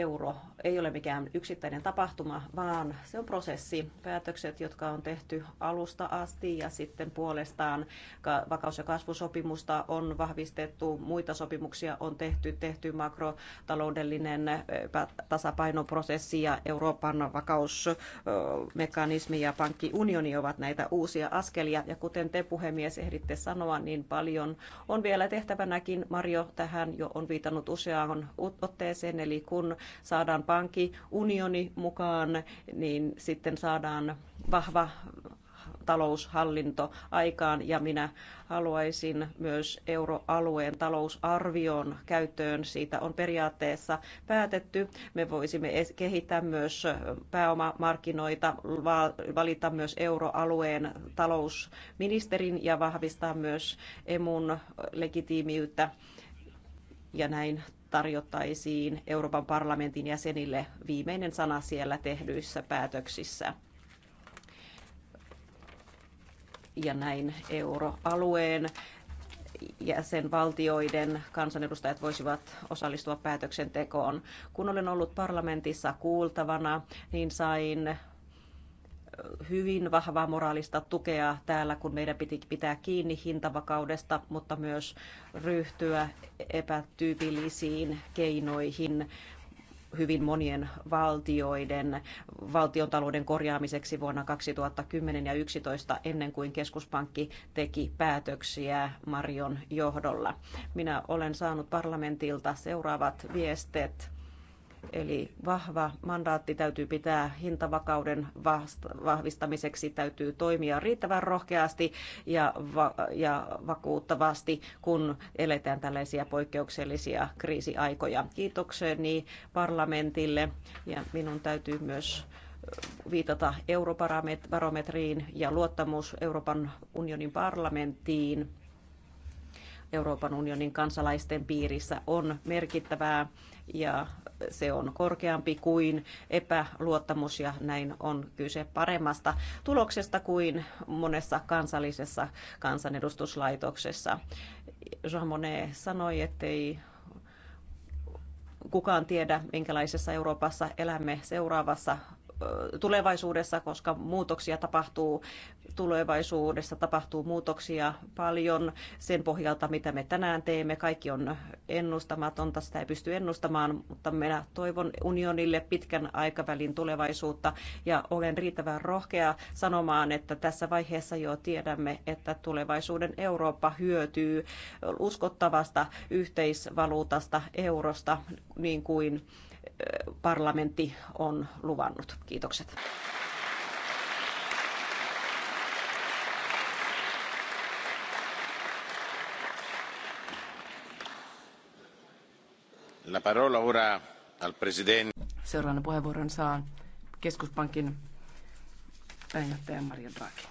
euro ei ole mikään yksittäinen tapahtuma, vaan se on prosessi. Päätökset, jotka on tehty alusta asti ja sitten puolestaan vakaus- ja kasvusopimusta on vahvistettu, muita sopimuksia on tehty, tehty makrotaloudellinen tasapainoprosessi ja Euroopan vakausmekanismi ja pankkiunioni ovat näitä uusia askelia. Ja kuten te puhemies ehditte sanoa, niin paljon on vielä tehtävänäkin. Mario tähän jo on viitannut useaan otteeseen, eli kun saadaan pankkiunioni mukaan, niin sitten saadaan vahva taloushallinto aikaan ja minä haluaisin myös euroalueen talousarvion käyttöön. Siitä on periaatteessa päätetty. Me voisimme kehittää myös pääomamarkkinoita, valita myös euroalueen talousministerin ja vahvistaa myös emun legitiimiyttä ja näin tarjottaisiin Euroopan parlamentin jäsenille viimeinen sana siellä tehdyissä päätöksissä. Ja näin euroalueen jäsenvaltioiden kansanedustajat voisivat osallistua päätöksentekoon. Kun olen ollut parlamentissa kuultavana, niin sain hyvin vahvaa moraalista tukea täällä, kun meidän piti pitää kiinni hintavakaudesta, mutta myös ryhtyä epätyypillisiin keinoihin hyvin monien valtioiden valtiontalouden korjaamiseksi vuonna 2010 ja 2011 ennen kuin keskuspankki teki päätöksiä Marion johdolla. Minä olen saanut parlamentilta seuraavat viestit Eli vahva mandaatti täytyy pitää hintavakauden vahvistamiseksi, täytyy toimia riittävän rohkeasti ja, va- ja vakuuttavasti, kun eletään tällaisia poikkeuksellisia kriisiaikoja. Kiitokseni parlamentille ja minun täytyy myös viitata eurobarometriin ja luottamus Euroopan unionin parlamenttiin Euroopan unionin kansalaisten piirissä on merkittävää ja se on korkeampi kuin epäluottamus ja näin on kyse paremmasta tuloksesta kuin monessa kansallisessa kansanedustuslaitoksessa. Jean Monnet sanoi, ei kukaan tiedä, minkälaisessa Euroopassa elämme seuraavassa tulevaisuudessa, koska muutoksia tapahtuu, tulevaisuudessa tapahtuu muutoksia paljon sen pohjalta, mitä me tänään teemme. Kaikki on ennustamatonta, sitä ei pysty ennustamaan, mutta minä toivon unionille pitkän aikavälin tulevaisuutta ja olen riittävän rohkea sanomaan, että tässä vaiheessa jo tiedämme, että tulevaisuuden Eurooppa hyötyy uskottavasta yhteisvaluutasta, eurosta, niin kuin parlamentti on luvannut. Kiitokset. La parola ora al presidente. Seuraavana puheenvuoron saa keskuspankin pääjohtaja Mario Draghi.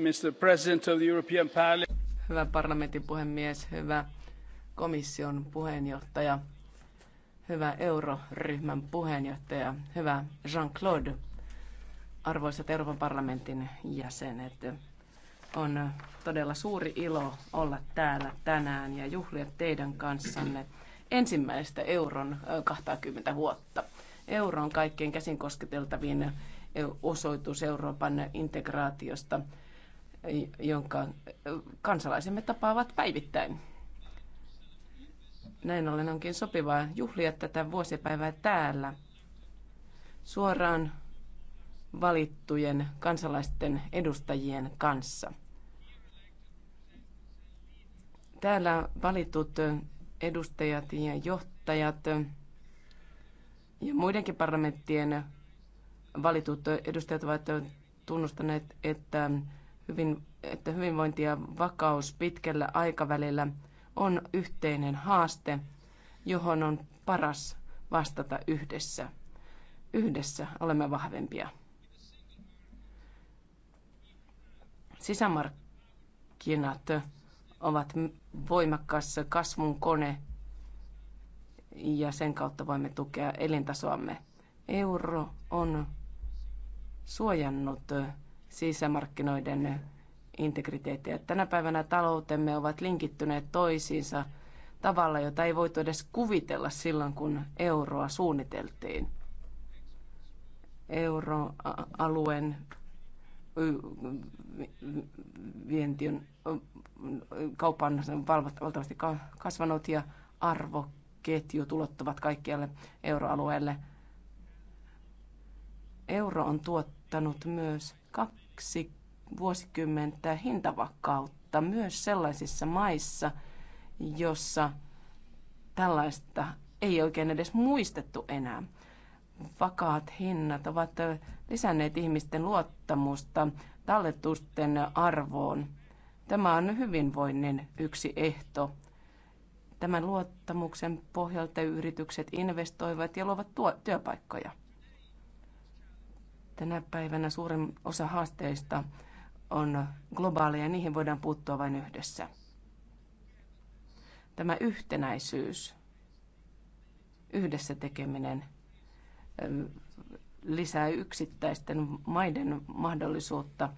Mr. President of the European Parliament. Hyvä parlamentin puhemies, hyvä komission puheenjohtaja, hyvä euroryhmän puheenjohtaja, hyvä Jean-Claude, arvoisat Euroopan parlamentin jäsenet. On todella suuri ilo olla täällä tänään ja juhlia teidän kanssanne ensimmäistä euron 20 vuotta. Euro on kaikkein käsin kosketeltavin osoitus Euroopan integraatiosta – jonka kansalaisemme tapaavat päivittäin. Näin ollen onkin sopivaa juhlia tätä vuosipäivää täällä suoraan valittujen kansalaisten edustajien kanssa. Täällä valitut edustajat ja johtajat ja muidenkin parlamenttien valitut edustajat ovat tunnustaneet, että hyvin, että hyvinvointi ja vakaus pitkällä aikavälillä on yhteinen haaste, johon on paras vastata yhdessä. Yhdessä olemme vahvempia. Sisämarkkinat ovat voimakkaassa kasvun kone ja sen kautta voimme tukea elintasoamme. Euro on suojannut sisämarkkinoiden integriteettiä. Tänä päivänä taloutemme ovat linkittyneet toisiinsa tavalla, jota ei voitu edes kuvitella silloin, kun euroa suunniteltiin. Euroalueen vienti on, kaupan valtavasti kasvanut ja arvoketju ulottuvat kaikkialle euroalueelle. Euro on tuottanut myös kaksi vuosikymmentä hintavakautta myös sellaisissa maissa, jossa tällaista ei oikein edes muistettu enää. Vakaat hinnat ovat lisänneet ihmisten luottamusta talletusten arvoon. Tämä on hyvinvoinnin yksi ehto. Tämän luottamuksen pohjalta yritykset investoivat ja luovat työpaikkoja. Tänä päivänä suurin osa haasteista on globaaleja ja niihin voidaan puuttua vain yhdessä. Tämä yhtenäisyys, yhdessä tekeminen, lisää yksittäisten maiden mahdollisuutta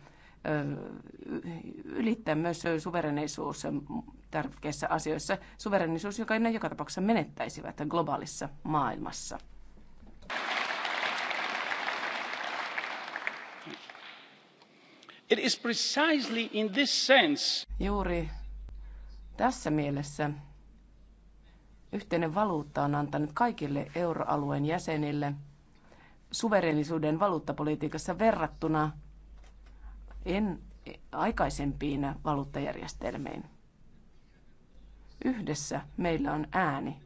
ylittää myös suverenisuus tärkeissä asioissa. Suverenisuus, joka ne joka tapauksessa menettäisivät globaalissa maailmassa. It is precisely in this sense. Juuri tässä mielessä yhteinen valuutta on antanut kaikille euroalueen jäsenille suverenisuuden valuuttapolitiikassa verrattuna en aikaisempiin valuuttajärjestelmiin. Yhdessä meillä on ääni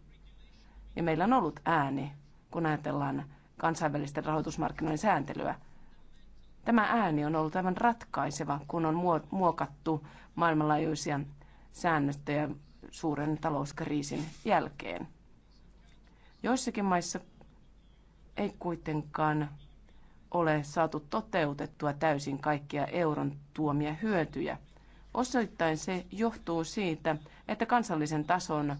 ja meillä on ollut ääni, kun ajatellaan kansainvälisten rahoitusmarkkinoiden sääntelyä. Tämä ääni on ollut aivan ratkaiseva, kun on muokattu maailmanlaajuisia säännöstöjä suuren talouskriisin jälkeen. Joissakin maissa ei kuitenkaan ole saatu toteutettua täysin kaikkia euron tuomia hyötyjä. Osittain se johtuu siitä, että kansallisen tason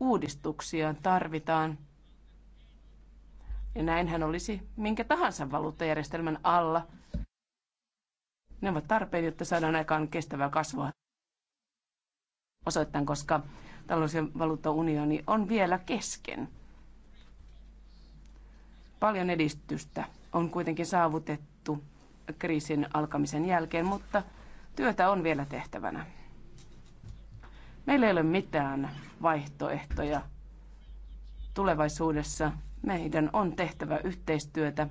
uudistuksia tarvitaan. Ja näinhän olisi minkä tahansa valuuttajärjestelmän alla – ne ovat tarpeen, jotta saadaan aikaan kestävää kasvua. Osoittan, koska talous- ja valuuttaunioni on vielä kesken. Paljon edistystä on kuitenkin saavutettu kriisin alkamisen jälkeen, mutta työtä on vielä tehtävänä. Meillä ei ole mitään vaihtoehtoja. Tulevaisuudessa meidän on tehtävä yhteistyötä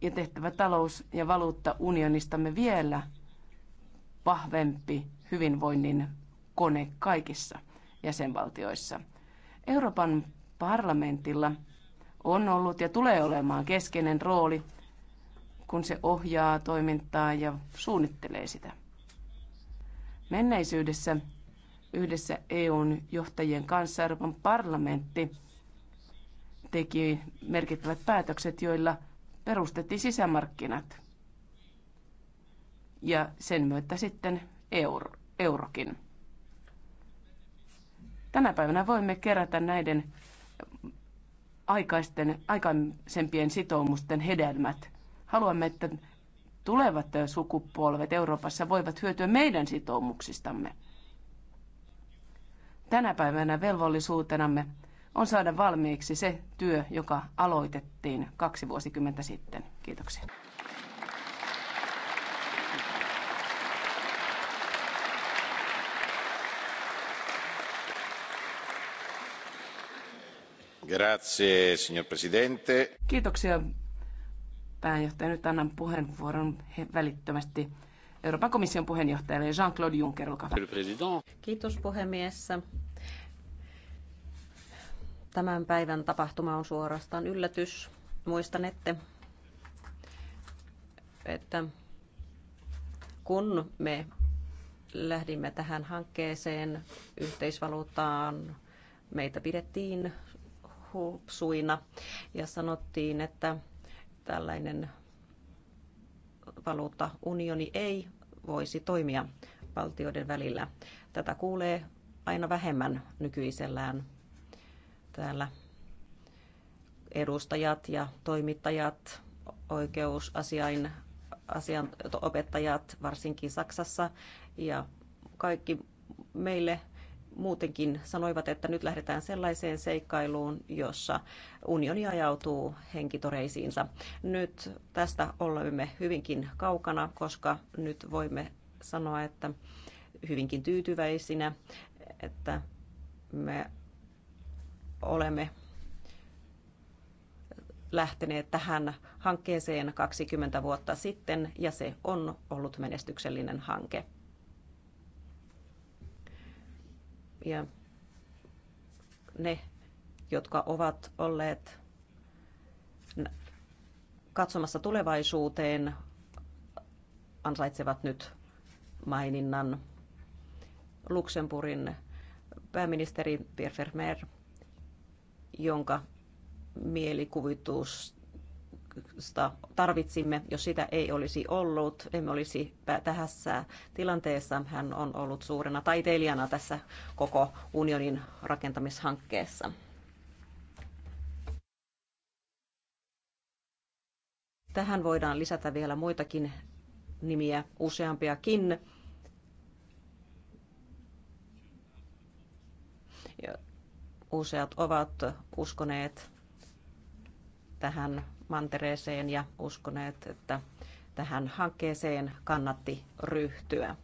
ja tehtävä talous- ja valuuttaunionistamme vielä vahvempi hyvinvoinnin kone kaikissa jäsenvaltioissa. Euroopan parlamentilla on ollut ja tulee olemaan keskeinen rooli, kun se ohjaa toimintaa ja suunnittelee sitä. Menneisyydessä yhdessä EUn johtajien kanssa Euroopan parlamentti teki merkittävät päätökset, joilla perustettiin sisämarkkinat ja sen myötä sitten euro, eurokin. Tänä päivänä voimme kerätä näiden aikaisten, aikaisempien sitoumusten hedelmät. Haluamme, että tulevat sukupolvet Euroopassa voivat hyötyä meidän sitoumuksistamme. Tänä päivänä velvollisuutenamme on saada valmiiksi se työ, joka aloitettiin kaksi vuosikymmentä sitten. Kiitoksia. Grazie, signor Presidente. Kiitoksia pääjohtaja. Nyt annan puheenvuoron välittömästi Euroopan komission puheenjohtajalle Jean-Claude Juncker, olkaa hyvä. Kiitos puhemies. Tämän päivän tapahtuma on suorastaan yllätys. Muistanette, että kun me lähdimme tähän hankkeeseen yhteisvaluuttaan, meitä pidettiin hupsuina ja sanottiin, että tällainen valuuttaunioni ei voisi toimia valtioiden välillä. Tätä kuulee aina vähemmän nykyisellään täällä edustajat ja toimittajat, oikeusasiain asian, opettajat, varsinkin Saksassa ja kaikki meille muutenkin sanoivat, että nyt lähdetään sellaiseen seikkailuun, jossa unioni ajautuu henkitoreisiinsa. Nyt tästä olemme hyvinkin kaukana, koska nyt voimme sanoa, että hyvinkin tyytyväisinä, että me olemme lähteneet tähän hankkeeseen 20 vuotta sitten ja se on ollut menestyksellinen hanke. Ja ne, jotka ovat olleet katsomassa tulevaisuuteen, ansaitsevat nyt maininnan. Luxemburgin pääministeri Pierre Vermeer jonka mielikuvitusta tarvitsimme. Jos sitä ei olisi ollut, emme olisi tässä tilanteessa. Hän on ollut suurena taiteilijana tässä koko unionin rakentamishankkeessa. Tähän voidaan lisätä vielä muitakin nimiä, useampiakin useat ovat uskoneet tähän mantereeseen ja uskoneet, että tähän hankkeeseen kannatti ryhtyä.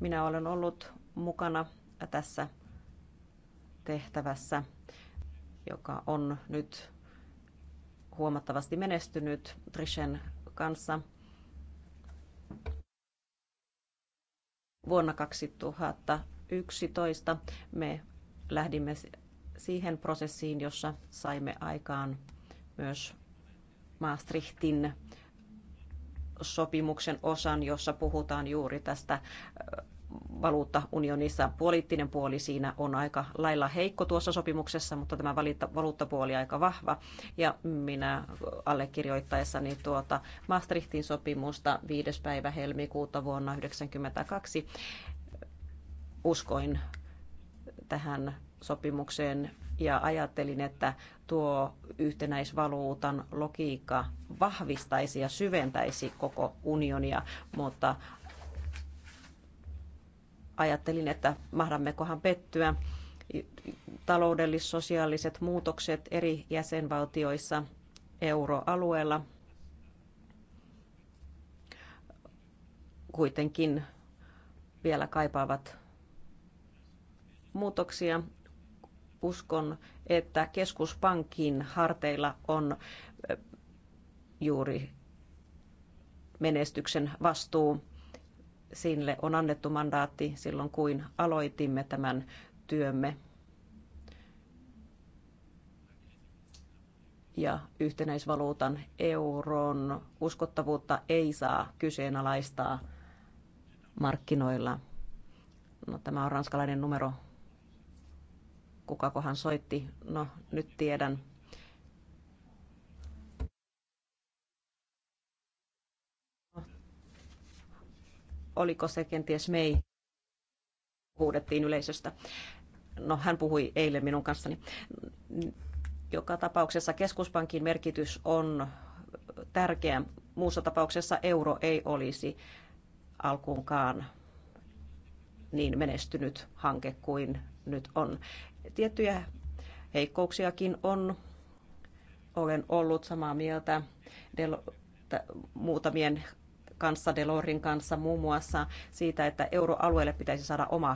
Minä olen ollut mukana tässä tehtävässä, joka on nyt huomattavasti menestynyt Trishen kanssa vuonna 2011 me lähdimme siihen prosessiin, jossa saimme aikaan myös Maastrichtin sopimuksen osan, jossa puhutaan juuri tästä valuuttaunionissa. Poliittinen puoli siinä on aika lailla heikko tuossa sopimuksessa, mutta tämä valuuttapuoli aika vahva. Ja minä allekirjoittaessani tuota Maastrichtin sopimusta 5. päivä helmikuuta vuonna 1992 uskoin tähän sopimukseen ja ajattelin, että tuo yhtenäisvaluutan logiikka vahvistaisi ja syventäisi koko unionia, mutta ajattelin, että mahdammekohan pettyä. Taloudellis-sosiaaliset muutokset eri jäsenvaltioissa euroalueella kuitenkin vielä kaipaavat muutoksia. Uskon, että keskuspankin harteilla on juuri menestyksen vastuu. Sille on annettu mandaatti silloin, kuin aloitimme tämän työmme. ja yhtenäisvaluutan euron uskottavuutta ei saa kyseenalaistaa markkinoilla. No, tämä on ranskalainen numero kukakohan soitti. No, nyt tiedän. Oliko se kenties mei? Huudettiin yleisöstä. No, hän puhui eilen minun kanssani. Joka tapauksessa keskuspankin merkitys on tärkeä. Muussa tapauksessa euro ei olisi alkuunkaan niin menestynyt hanke kuin nyt on. Tiettyjä heikkouksiakin on. Olen ollut samaa mieltä Del- muutamien kanssa, Delorin kanssa muun muassa siitä, että euroalueelle pitäisi saada oma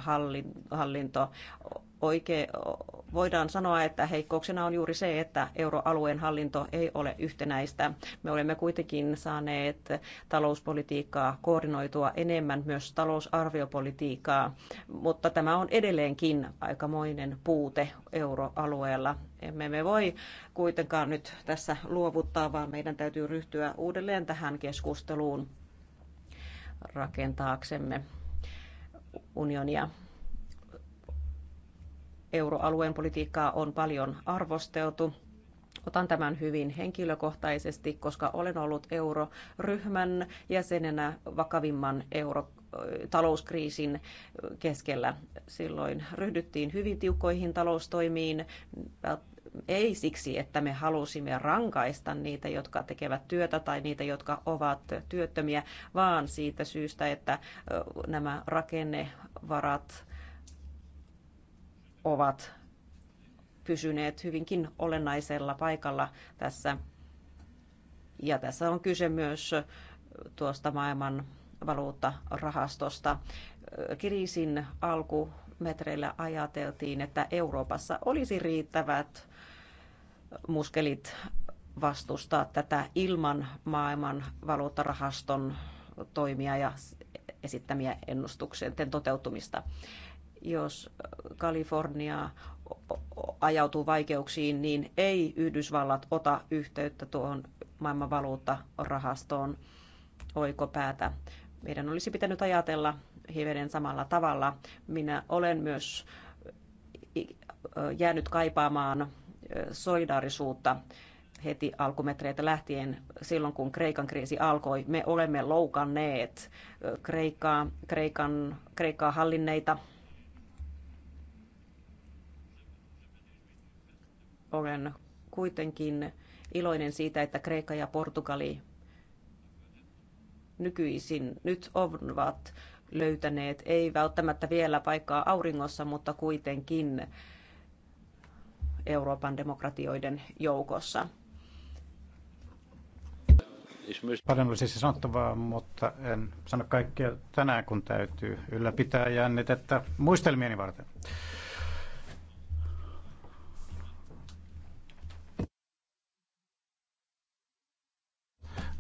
hallinto oikein, voidaan sanoa, että heikkouksena on juuri se, että euroalueen hallinto ei ole yhtenäistä. Me olemme kuitenkin saaneet talouspolitiikkaa koordinoitua enemmän myös talousarviopolitiikkaa, mutta tämä on edelleenkin aikamoinen puute euroalueella. Emme me voi kuitenkaan nyt tässä luovuttaa, vaan meidän täytyy ryhtyä uudelleen tähän keskusteluun rakentaaksemme unionia euroalueen politiikkaa on paljon arvosteltu. Otan tämän hyvin henkilökohtaisesti, koska olen ollut euroryhmän jäsenenä vakavimman euro, talouskriisin keskellä. Silloin ryhdyttiin hyvin tiukkoihin taloustoimiin, ei siksi, että me halusimme rankaista niitä, jotka tekevät työtä tai niitä, jotka ovat työttömiä, vaan siitä syystä, että nämä rakennevarat ovat pysyneet hyvinkin olennaisella paikalla tässä. Ja tässä on kyse myös tuosta maailman valuuttarahastosta. Kriisin alkumetreillä ajateltiin, että Euroopassa olisi riittävät muskelit vastustaa tätä ilman maailman valuuttarahaston toimia ja esittämiä ennustuksen toteutumista jos Kalifornia ajautuu vaikeuksiin, niin ei Yhdysvallat ota yhteyttä tuohon maailmanvaluuttarahastoon oikopäätä. Meidän olisi pitänyt ajatella hivenen samalla tavalla. Minä olen myös jäänyt kaipaamaan solidaarisuutta heti alkumetreitä lähtien silloin, kun Kreikan kriisi alkoi. Me olemme loukanneet Kreikkaa, Kreikan, Kreikkaa hallinneita olen kuitenkin iloinen siitä, että Kreikka ja Portugali nykyisin nyt ovat löytäneet, ei välttämättä vielä paikkaa auringossa, mutta kuitenkin Euroopan demokratioiden joukossa. Paljon olisi siis sanottavaa, mutta en sano kaikkea tänään, kun täytyy ylläpitää jännitettä muistelmieni varten.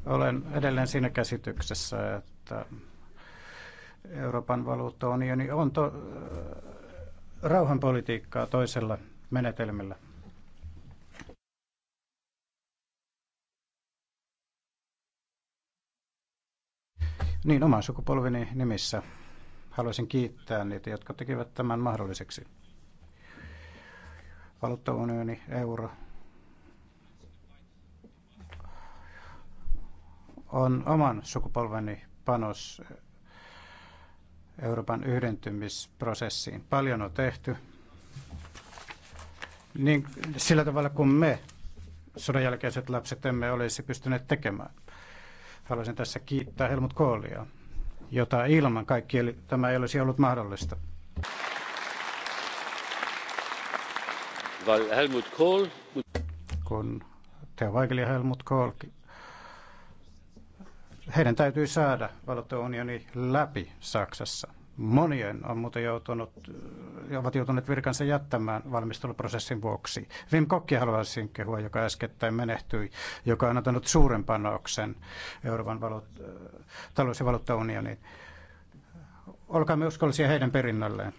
Olen edelleen siinä käsityksessä, että Euroopan valuuttaunioni on to, rauhanpolitiikkaa toisella menetelmällä. Niin, oman sukupolveni nimissä haluaisin kiittää niitä, jotka tekivät tämän mahdolliseksi. Valuuttaunioni, euro, on oman sukupolveni panos Euroopan yhdentymisprosessiin. Paljon on tehty niin sillä tavalla kuin me sodan jälkeiset lapset emme olisi pystyneet tekemään. Haluaisin tässä kiittää Helmut Koolia, jota ilman kaikki eli tämä ei olisi ollut mahdollista. Helmut Kohl. Kun Teo Vaikeli ja Helmut Kohl heidän täytyy saada valuuttaunioni läpi Saksassa. Monien on muuten joutunut, ovat joutuneet virkansa jättämään valmisteluprosessin vuoksi. Wim Kokki haluaisin kehua, joka äskettäin menehtyi, joka on antanut suuren panoksen Euroopan valuut- talous- ja valuuttaunioniin. Olkaamme uskollisia heidän perinnölleen.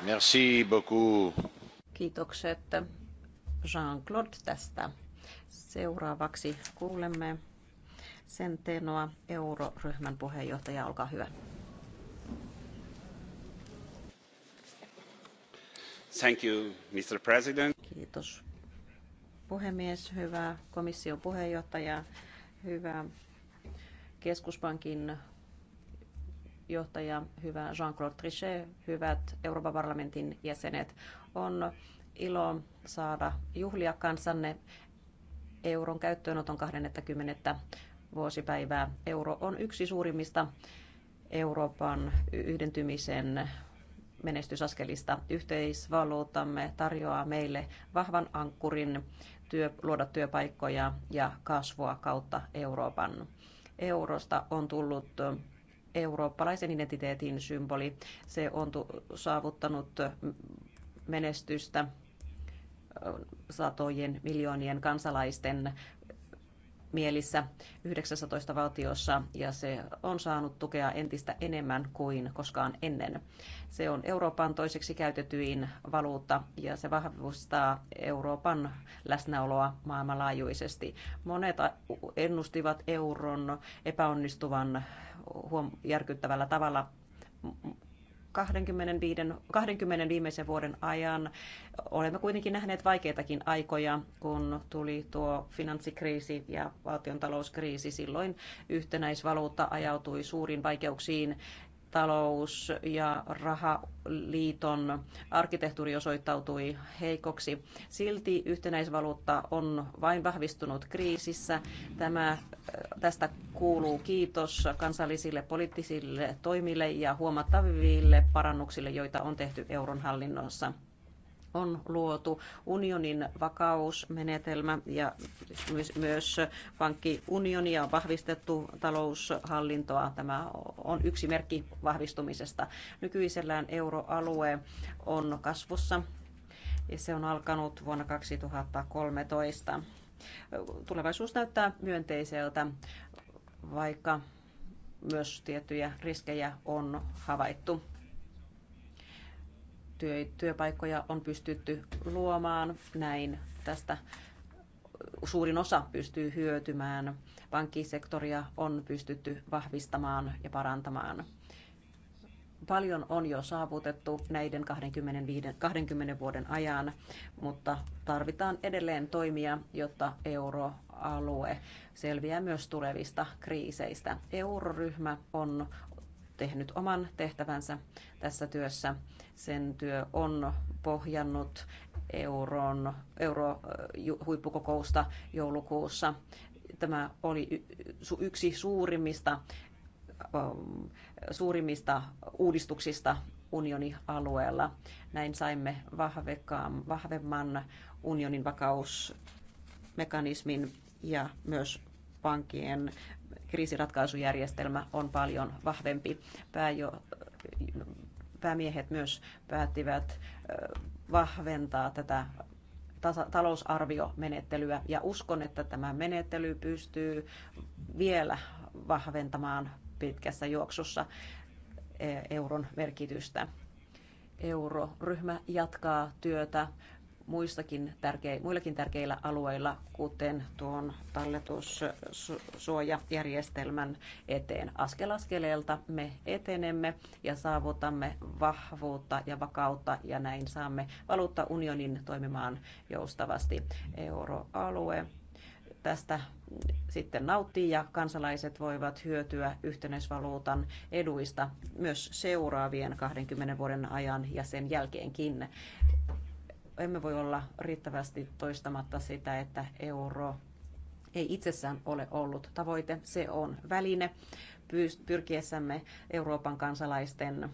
Merci beaucoup. Kiitokset. Jean-Claude tästä. Seuraavaksi kuulemme Sentenoa, euroryhmän puheenjohtaja, olkaa hyvä. Thank you, Mr. President. Kiitos puhemies, hyvä komission puheenjohtaja, hyvä keskuspankin johtaja, hyvä Jean-Claude Trichet, hyvät Euroopan parlamentin jäsenet. On ilo saada juhlia kansanne euron käyttöönoton 20. vuosipäivää. Euro on yksi suurimmista Euroopan yhdentymisen menestysaskelista. Yhteisvaluutamme tarjoaa meille vahvan ankkurin työ, luoda työpaikkoja ja kasvua kautta Euroopan. Eurosta on tullut eurooppalaisen identiteetin symboli. Se on saavuttanut menestystä satojen miljoonien kansalaisten mielissä 19 valtiossa ja se on saanut tukea entistä enemmän kuin koskaan ennen. Se on Euroopan toiseksi käytetyin valuutta ja se vahvistaa Euroopan läsnäoloa maailmanlaajuisesti. Monet ennustivat euron epäonnistuvan järkyttävällä tavalla 25, 20 viimeisen vuoden ajan olemme kuitenkin nähneet vaikeitakin aikoja, kun tuli tuo finanssikriisi ja valtion talouskriisi. Silloin yhtenäisvaluutta ajautui suuriin vaikeuksiin talous- ja rahaliiton arkkitehtuuri osoittautui heikoksi. Silti yhtenäisvaluutta on vain vahvistunut kriisissä. Tämä, äh, tästä kuuluu kiitos kansallisille poliittisille toimille ja huomattaville parannuksille, joita on tehty euron hallinnossa on luotu unionin vakausmenetelmä ja myös pankkiunionia on vahvistettu taloushallintoa. Tämä on yksi merkki vahvistumisesta. Nykyisellään euroalue on kasvussa ja se on alkanut vuonna 2013. Tulevaisuus näyttää myönteiseltä, vaikka myös tiettyjä riskejä on havaittu työ, työpaikkoja on pystytty luomaan. Näin tästä suurin osa pystyy hyötymään. Pankkisektoria on pystytty vahvistamaan ja parantamaan. Paljon on jo saavutettu näiden 25, 20 vuoden ajan, mutta tarvitaan edelleen toimia, jotta euroalue selviää myös tulevista kriiseistä. Euroryhmä on tehnyt oman tehtävänsä tässä työssä. Sen työ on pohjannut euron, euro äh, huippukokousta joulukuussa. Tämä oli yksi suurimmista, äh, suurimmista uudistuksista unionialueella. Näin saimme vahvemman unionin vakausmekanismin ja myös pankkien kriisiratkaisujärjestelmä on paljon vahvempi. Pääjo, päämiehet myös päättivät vahventaa tätä talousarviomenettelyä ja uskon, että tämä menettely pystyy vielä vahventamaan pitkässä juoksussa e- euron merkitystä. Euroryhmä jatkaa työtä muistakin tärkeä, muillakin tärkeillä alueilla, kuten tuon talletussuojajärjestelmän eteen. Askel askeleelta me etenemme ja saavutamme vahvuutta ja vakautta ja näin saamme valuuttaunionin toimimaan joustavasti. Euroalue tästä sitten nauttii ja kansalaiset voivat hyötyä yhtenäisvaluutan eduista myös seuraavien 20 vuoden ajan ja sen jälkeenkin emme voi olla riittävästi toistamatta sitä, että euro ei itsessään ole ollut tavoite. Se on väline pyrkiessämme Euroopan kansalaisten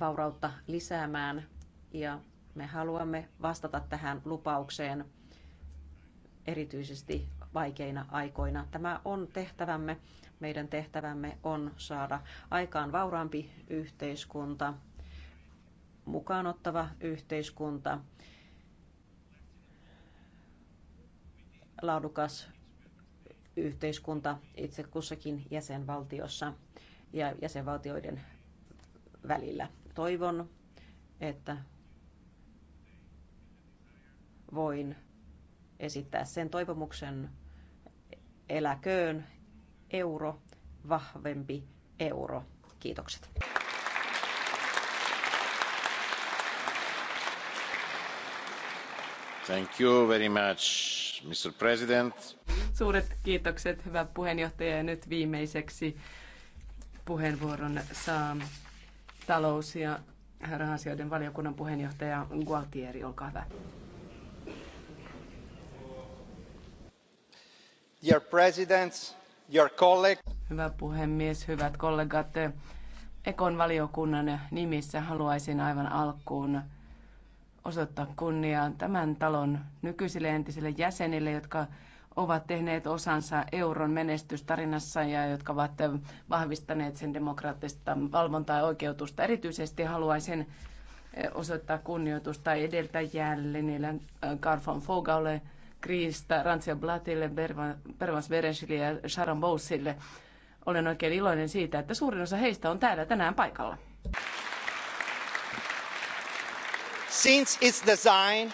vaurautta lisäämään ja me haluamme vastata tähän lupaukseen erityisesti vaikeina aikoina. Tämä on tehtävämme. Meidän tehtävämme on saada aikaan vauraampi yhteiskunta mukaanottava yhteiskunta, laadukas yhteiskunta itse kussakin jäsenvaltiossa ja jäsenvaltioiden välillä. Toivon, että voin esittää sen toivomuksen eläköön euro, vahvempi euro. Kiitokset. Suuret kiitokset, hyvä puheenjohtaja. Ja nyt viimeiseksi puheenvuoron saa talous- ja rahasioiden valiokunnan puheenjohtaja Gualtieri, olkaa hyvä. Your presidents, your colleagues. Hyvä puhemies, hyvät kollegat. Ekon valiokunnan nimissä haluaisin aivan alkuun osoittaa kunniaa tämän talon nykyisille entisille jäsenille, jotka ovat tehneet osansa euron menestystarinassa ja jotka ovat vahvistaneet sen demokraattista valvontaa ja oikeutusta. Erityisesti haluaisin eh, osoittaa kunnioitusta edeltäjälle eh, Carfon Fogalle, Kriista, Rantsia Blatille, Pervans Verensille ja Sharon Bowsille. Olen oikein iloinen siitä, että suurin osa heistä on täällä tänään paikalla. Since its design,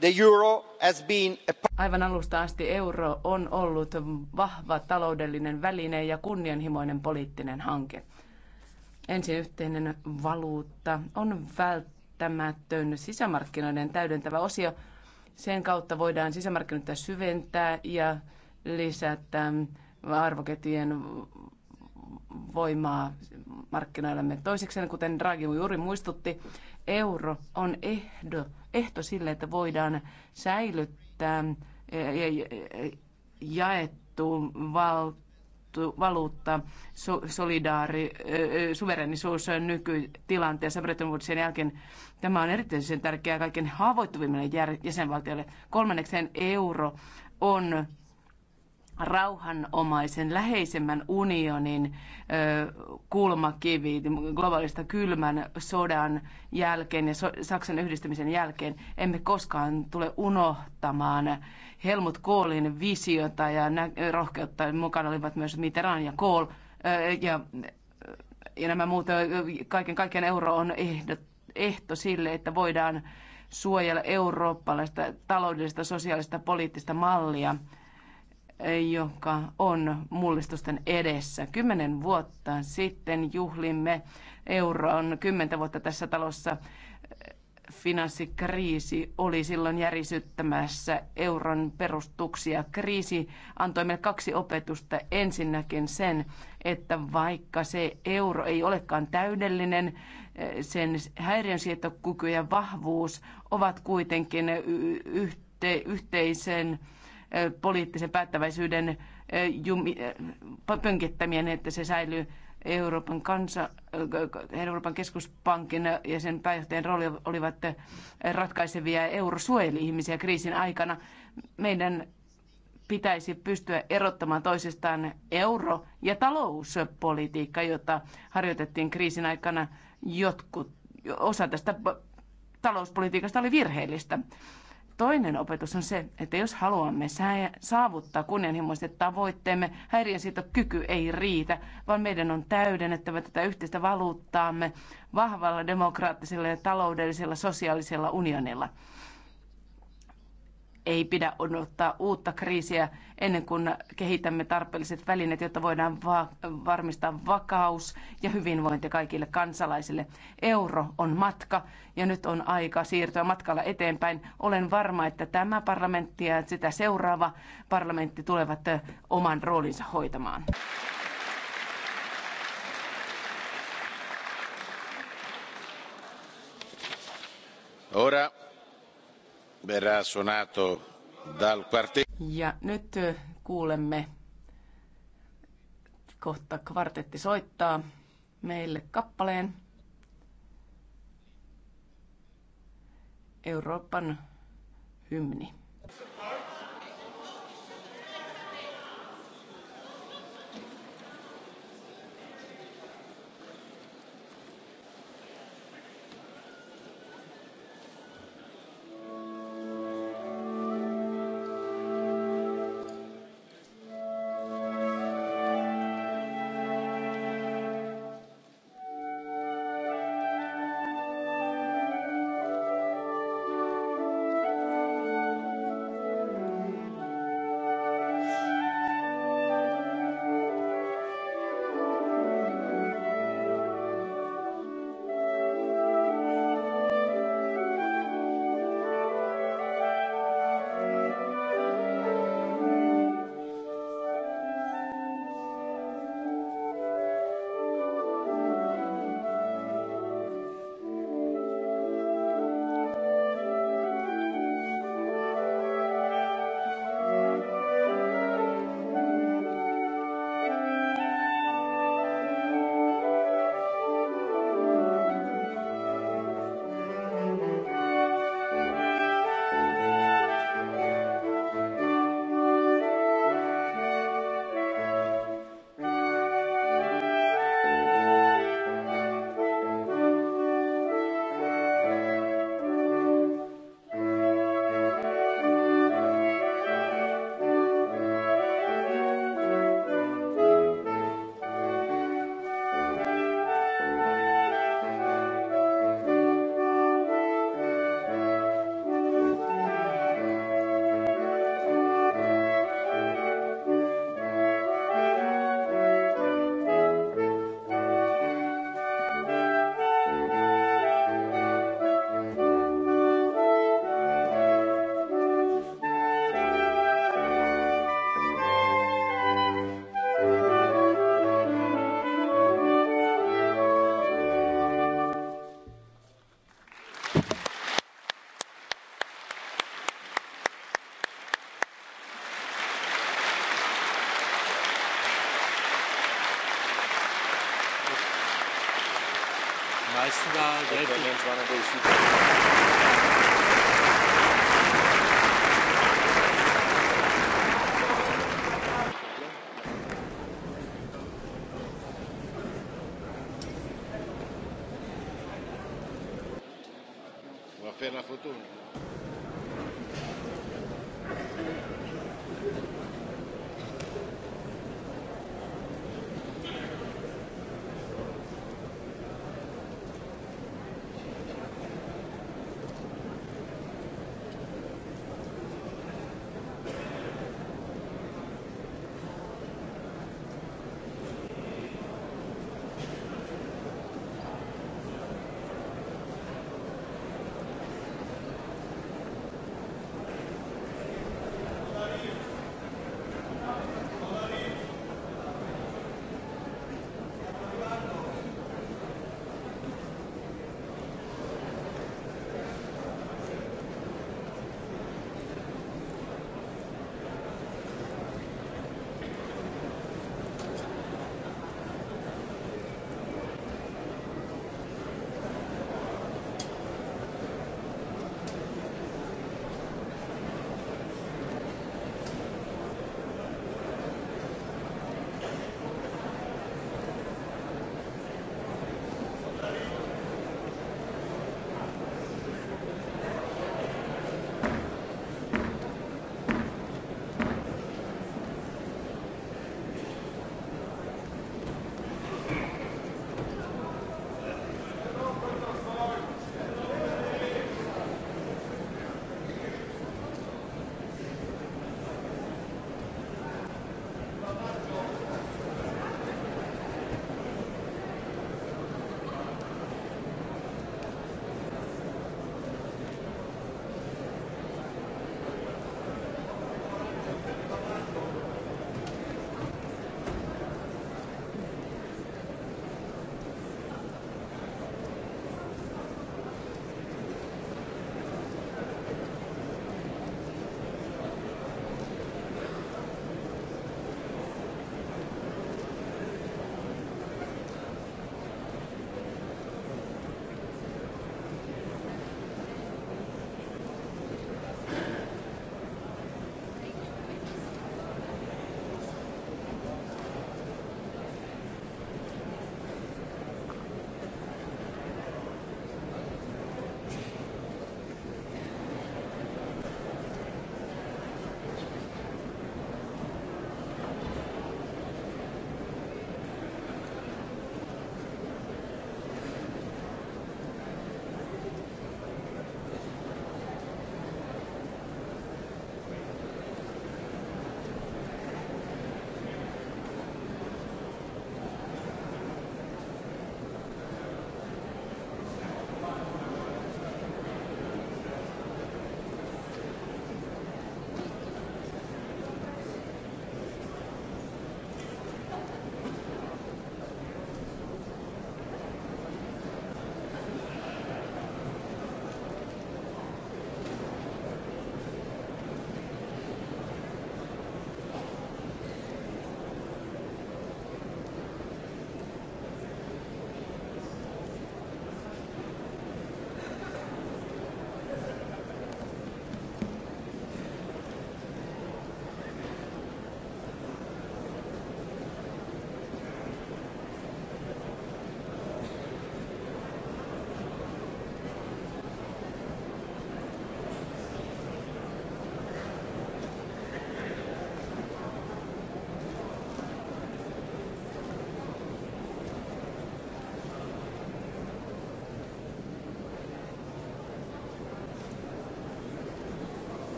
the euro has been a... Aivan alusta asti euro on ollut vahva taloudellinen väline ja kunnianhimoinen poliittinen hanke. Ensin yhteinen valuutta on välttämätön sisämarkkinoiden täydentävä osio. Sen kautta voidaan sisämarkkinoita syventää ja lisätä arvoketjujen voimaa markkinoillemme. Toiseksi, kuten Draghi juuri muistutti, euro on ehdo, ehto sille, että voidaan säilyttää e, e, e, jaettu valtu, valuutta, so, solidaari, suverenisuus nykytilanteessa Bretton Woodsien jälkeen. Tämä on erityisen tärkeää kaiken haavoittuvimmille jäsenvaltioille. Kolmanneksen euro on rauhanomaisen, läheisemmän unionin kulmakivi globaalista kylmän sodan jälkeen ja Saksan yhdistymisen jälkeen. Emme koskaan tule unohtamaan Helmut Kohlin visiota ja rohkeutta. Mukana olivat myös Mitterrand ja Kohl ja, ja nämä muut. Kaiken kaikkiaan euro on ehdot, ehto sille, että voidaan suojella eurooppalaista taloudellista, sosiaalista, poliittista mallia – joka on mullistusten edessä. Kymmenen vuotta sitten juhlimme euron kymmentä vuotta tässä talossa. Finanssikriisi oli silloin järisyttämässä euron perustuksia. Kriisi antoi meille kaksi opetusta. Ensinnäkin sen, että vaikka se euro ei olekaan täydellinen, sen häiriönsietokyky ja vahvuus ovat kuitenkin yhteisen poliittisen päättäväisyyden jumi, pönkittäminen, että se säilyy Euroopan, kansa, Euroopan keskuspankin ja sen pääjohtajan rooli olivat ratkaisevia. Euro suojeli ihmisiä kriisin aikana. Meidän pitäisi pystyä erottamaan toisistaan euro- ja talouspolitiikka, jota harjoitettiin kriisin aikana. Jotkut, osa tästä talouspolitiikasta oli virheellistä. Toinen opetus on se, että jos haluamme saavuttaa kunnianhimoiset tavoitteemme, häiriönsietokyky ei riitä, vaan meidän on täydennettävä tätä yhteistä valuuttaamme vahvalla demokraattisella ja taloudellisella sosiaalisella unionilla ei pidä odottaa uutta kriisiä ennen kuin kehitämme tarpeelliset välineet, jotta voidaan va- varmistaa vakaus ja hyvinvointi kaikille kansalaisille. Euro on matka ja nyt on aika siirtyä matkalla eteenpäin. Olen varma, että tämä parlamentti ja sitä seuraava parlamentti tulevat oman roolinsa hoitamaan. Ora verrà suonato dal quartetto. Ja nyt kuulemme kohta kvartetti soittaa meille kappaleen. Euroopan hymni. leisten da.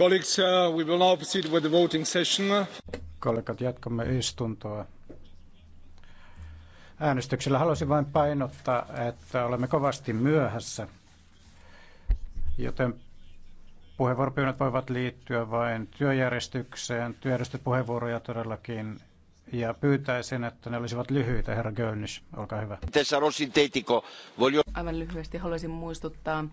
Colleagues, uh, we will now proceed with the voting session. Kollegat, jatkamme istuntoa. Äänestyksellä halusin vain painottaa, että olemme kovasti myöhässä, joten puheenvuoropyynnöt voivat liittyä vain työjärjestykseen, työjärjestyspuheenvuoroja todellakin, ja pyytäisin, että ne olisivat lyhyitä, herra Gönnys, olkaa hyvä. Aivan lyhyesti haluaisin muistuttaa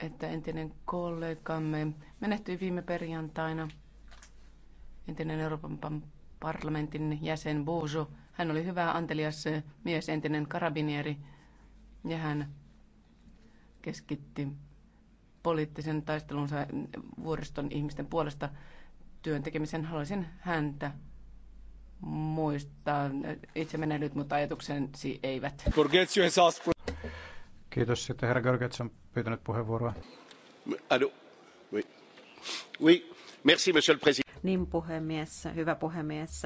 että entinen kollegamme menehtyi viime perjantaina, entinen Euroopan parlamentin jäsen Bozo. Hän oli hyvä, antelias mies, entinen karabinieri, ja hän keskitti poliittisen taistelunsa vuoriston ihmisten puolesta työn tekemisen. Haluaisin häntä muistaa. Itse nyt, mutta ajatuksensi eivät. Kiitos. Sitten herra Görgets on pyytänyt puheenvuoroa. Alo. Oui. Oui. Merci, monsieur le président. Niin puhemies, hyvä puhemies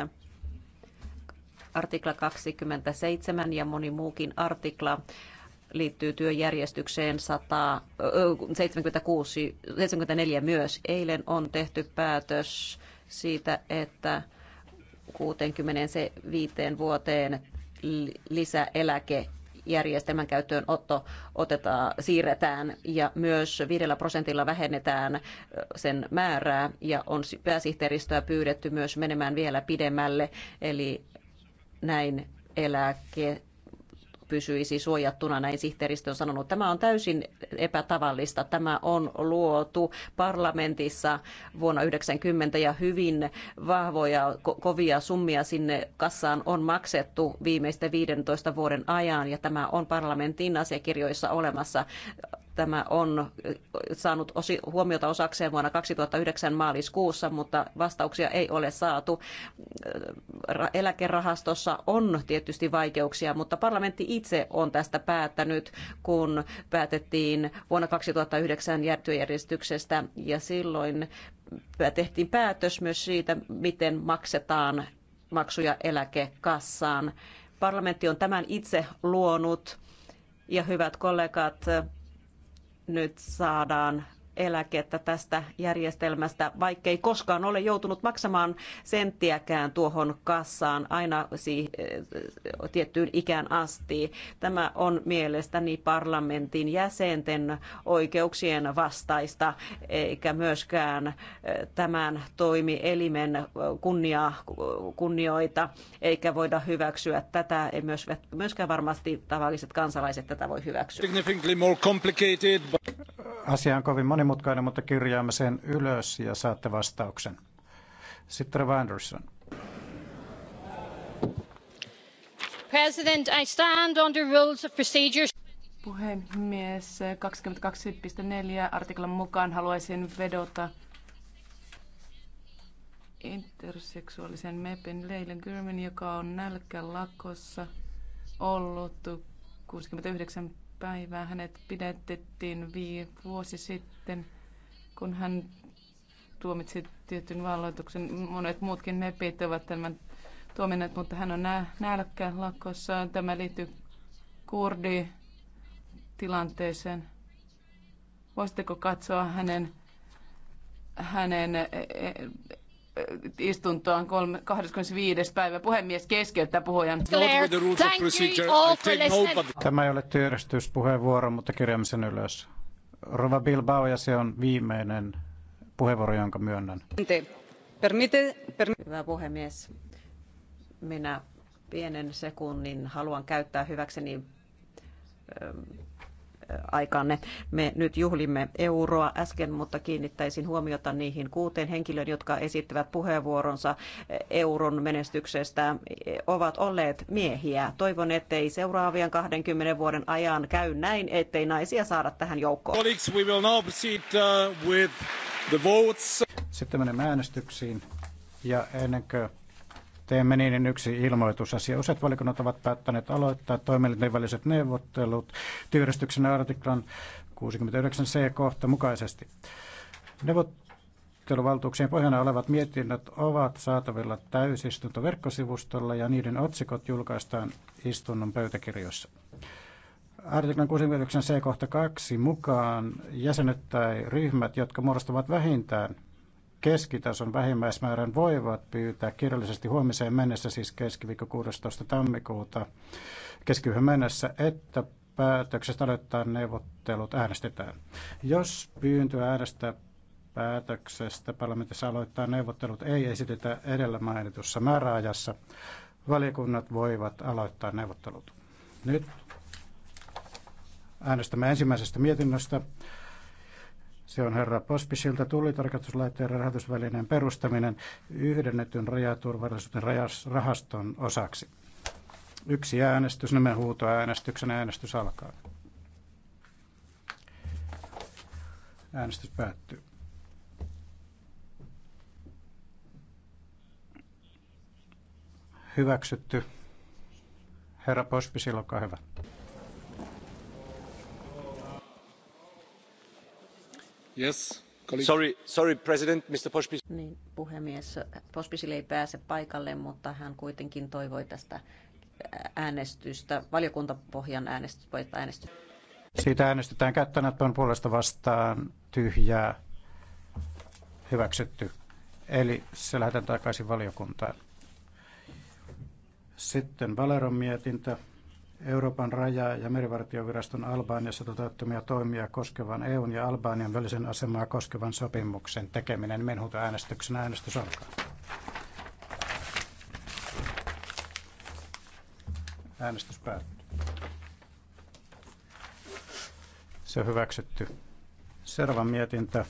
artikla 27 ja moni muukin artikla liittyy työjärjestykseen 176, 74 myös. Eilen on tehty päätös siitä, että 65 vuoteen lisäeläke järjestelmän käyttöönotto otetaan, siirretään ja myös viidellä prosentilla vähennetään sen määrää ja on pääsihteeristöä pyydetty myös menemään vielä pidemmälle, eli näin eläke pysyisi suojattuna, näin sihteeristö on sanonut. Tämä on täysin epätavallista. Tämä on luotu parlamentissa vuonna 90 ja hyvin vahvoja, ko- kovia summia sinne kassaan on maksettu viimeisten 15 vuoden ajan ja tämä on parlamentin asiakirjoissa olemassa. Tämä on saanut osi, huomiota osakseen vuonna 2009 maaliskuussa, mutta vastauksia ei ole saatu. Eläkerahastossa on tietysti vaikeuksia, mutta parlamentti itse on tästä päättänyt, kun päätettiin vuonna 2009 järjestöjärjestyksestä ja silloin tehtiin päätös myös siitä, miten maksetaan maksuja eläkekassaan. Parlamentti on tämän itse luonut ja hyvät kollegat, nyt saadaan eläkettä tästä järjestelmästä, vaikkei koskaan ole joutunut maksamaan senttiäkään tuohon kassaan aina siihen, tiettyyn ikään asti. Tämä on mielestäni parlamentin jäsenten oikeuksien vastaista, eikä myöskään eh, tämän toimielimen kunnia, kunnioita, eikä voida hyväksyä tätä. Ei myöskään varmasti tavalliset kansalaiset tätä voi hyväksyä. Asia on kovin monimutkainen, mutta kirjaamme sen ylös ja saatte vastauksen. Sitten Rava Anderson. President, I stand on the rules of procedures. Puhemies, 22.4 artiklan mukaan haluaisin vedota interseksuaalisen mepin Leilen Gyrmin, joka on nälkälakossa ollut 69 päivää. Hänet pidätettiin vii vuosi sitten, kun hän tuomitsi tietyn valloituksen. Monet muutkin mepit ovat tämän tuominen, mutta hän on nälkä lakossa. Tämä liittyy kurdi tilanteeseen. Voisitteko katsoa hänen, hänen e, e, istuntoon 25. päivä. Puhemies keskeyttää puhujan. No Tämä ei ole työllistyspuheenvuoro, mutta kirjaamme sen ylös. Rova Bilbao ja se on viimeinen puheenvuoro, jonka myönnän. Hyvä puhemies. Minä pienen sekunnin haluan käyttää hyväkseni aikanne. Me nyt juhlimme euroa äsken, mutta kiinnittäisin huomiota niihin kuuteen henkilöön, jotka esittävät puheenvuoronsa euron menestyksestä, ovat olleet miehiä. Toivon, ettei seuraavien 20 vuoden ajan käy näin, ettei naisia saada tähän joukkoon. Uh, Sitten menemme äänestyksiin ja ennen kuin Teemme Meninin yksi ilmoitusasia. Useat valikunnat ovat päättäneet aloittaa toimielinten väliset neuvottelut työjärjestyksen artiklan 69c kohta mukaisesti. Neuvotteluvaltuuksien pohjana olevat mietinnöt ovat saatavilla täysistuntoverkkosivustolla ja niiden otsikot julkaistaan istunnon pöytäkirjoissa. Artiklan 69c kohta 2 mukaan jäsenet tai ryhmät, jotka muodostavat vähintään keskitason vähimmäismäärän voivat pyytää kirjallisesti huomiseen mennessä, siis keskiviikko 16. tammikuuta keskiyhön mennessä, että päätöksestä aloittaa neuvottelut äänestetään. Jos pyyntöä äänestää päätöksestä parlamentissa aloittaa neuvottelut ei esitetä edellä mainitussa määräajassa, valiokunnat voivat aloittaa neuvottelut. Nyt äänestämme ensimmäisestä mietinnöstä. Se on herra Pospisilta tullitarkastuslaitteen rahoitusvälineen perustaminen yhdennetyn rajaturvallisuuden rahaston osaksi. Yksi äänestys, äänestyksen äänestys alkaa. Äänestys päättyy. Hyväksytty. Herra Pospisil, olkaa hyvä. sorry, sorry, president, Mr. Niin, puhemies Pospisil ei pääse paikalle, mutta hän kuitenkin toivoi tästä äänestystä, valiokuntapohjan äänestystä. äänestystä. Siitä äänestetään käyttöönoton puolesta vastaan tyhjää hyväksytty. Eli se lähetetään takaisin valiokuntaan. Sitten Valeron mietintö. Euroopan raja- ja merivartioviraston Albaniassa toteuttamia toimia koskevan EUn ja Albania:n välisen asemaa koskevan sopimuksen tekeminen. Menhuta äänestyksen äänestys alkaa. Äänestys päättyy. Se on hyväksytty. Seuraava mietintö.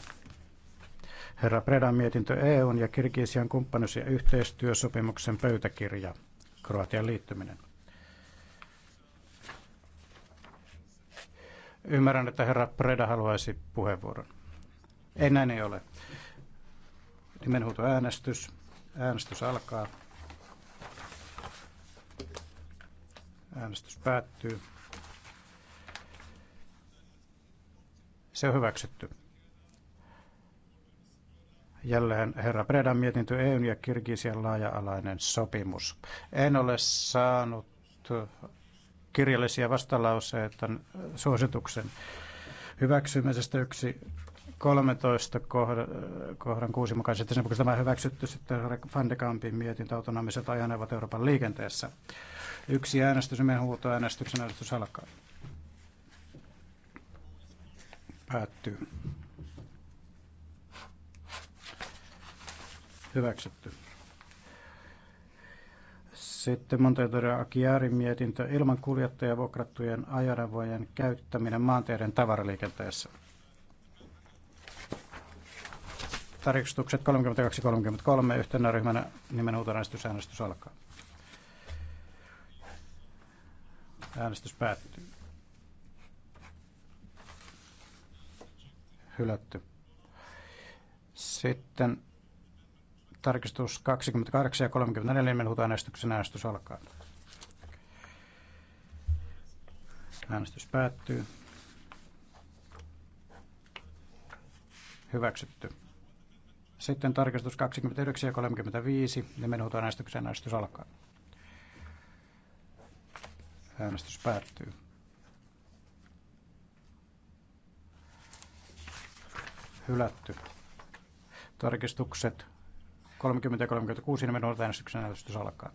Herra Predan mietintö EUn ja Kirgisian kumppanuus- ja yhteistyösopimuksen pöytäkirja. Kroatian liittyminen. Ymmärrän, että herra Preda haluaisi puheenvuoron. Ei näin ei ole. äänestys. Äänestys alkaa. Äänestys päättyy. Se on hyväksytty. Jälleen herra Predan mietintö EUn ja Kirgisian laaja-alainen sopimus. En ole saanut kirjallisia vastalauseita suosituksen hyväksymisestä yksi 13 kohdan, kohdan kuusi mukaisesti, sen tämä hyväksytty sitten Van de Kampin mietintö autonomiset ajoneuvot Euroopan liikenteessä. Yksi äänestys, meidän huutoäänestyksen äänestys alkaa. Päättyy. Hyväksytty. Sitten Monteidore Akiarin mietintö ilman kuljettajia vuokrattujen ajoneuvojen käyttäminen maanteiden tavaraliikenteessä. Tarkistukset 32-33 yhtenä ryhmänä nimen äänestysäänestys alkaa. Äänestys päättyy. Hylätty. Sitten Tarkistus 28 ja 34 minuutin äänestyksen äänestys alkaa. Äänestys päättyy. Hyväksytty. Sitten tarkistus 29 ja 35 ja minuutin äänestyksen äänestys alkaa. Äänestys päättyy. Hylätty. Tarkistukset 30 ja 36 noudat äänestyksen äänestys alkaa.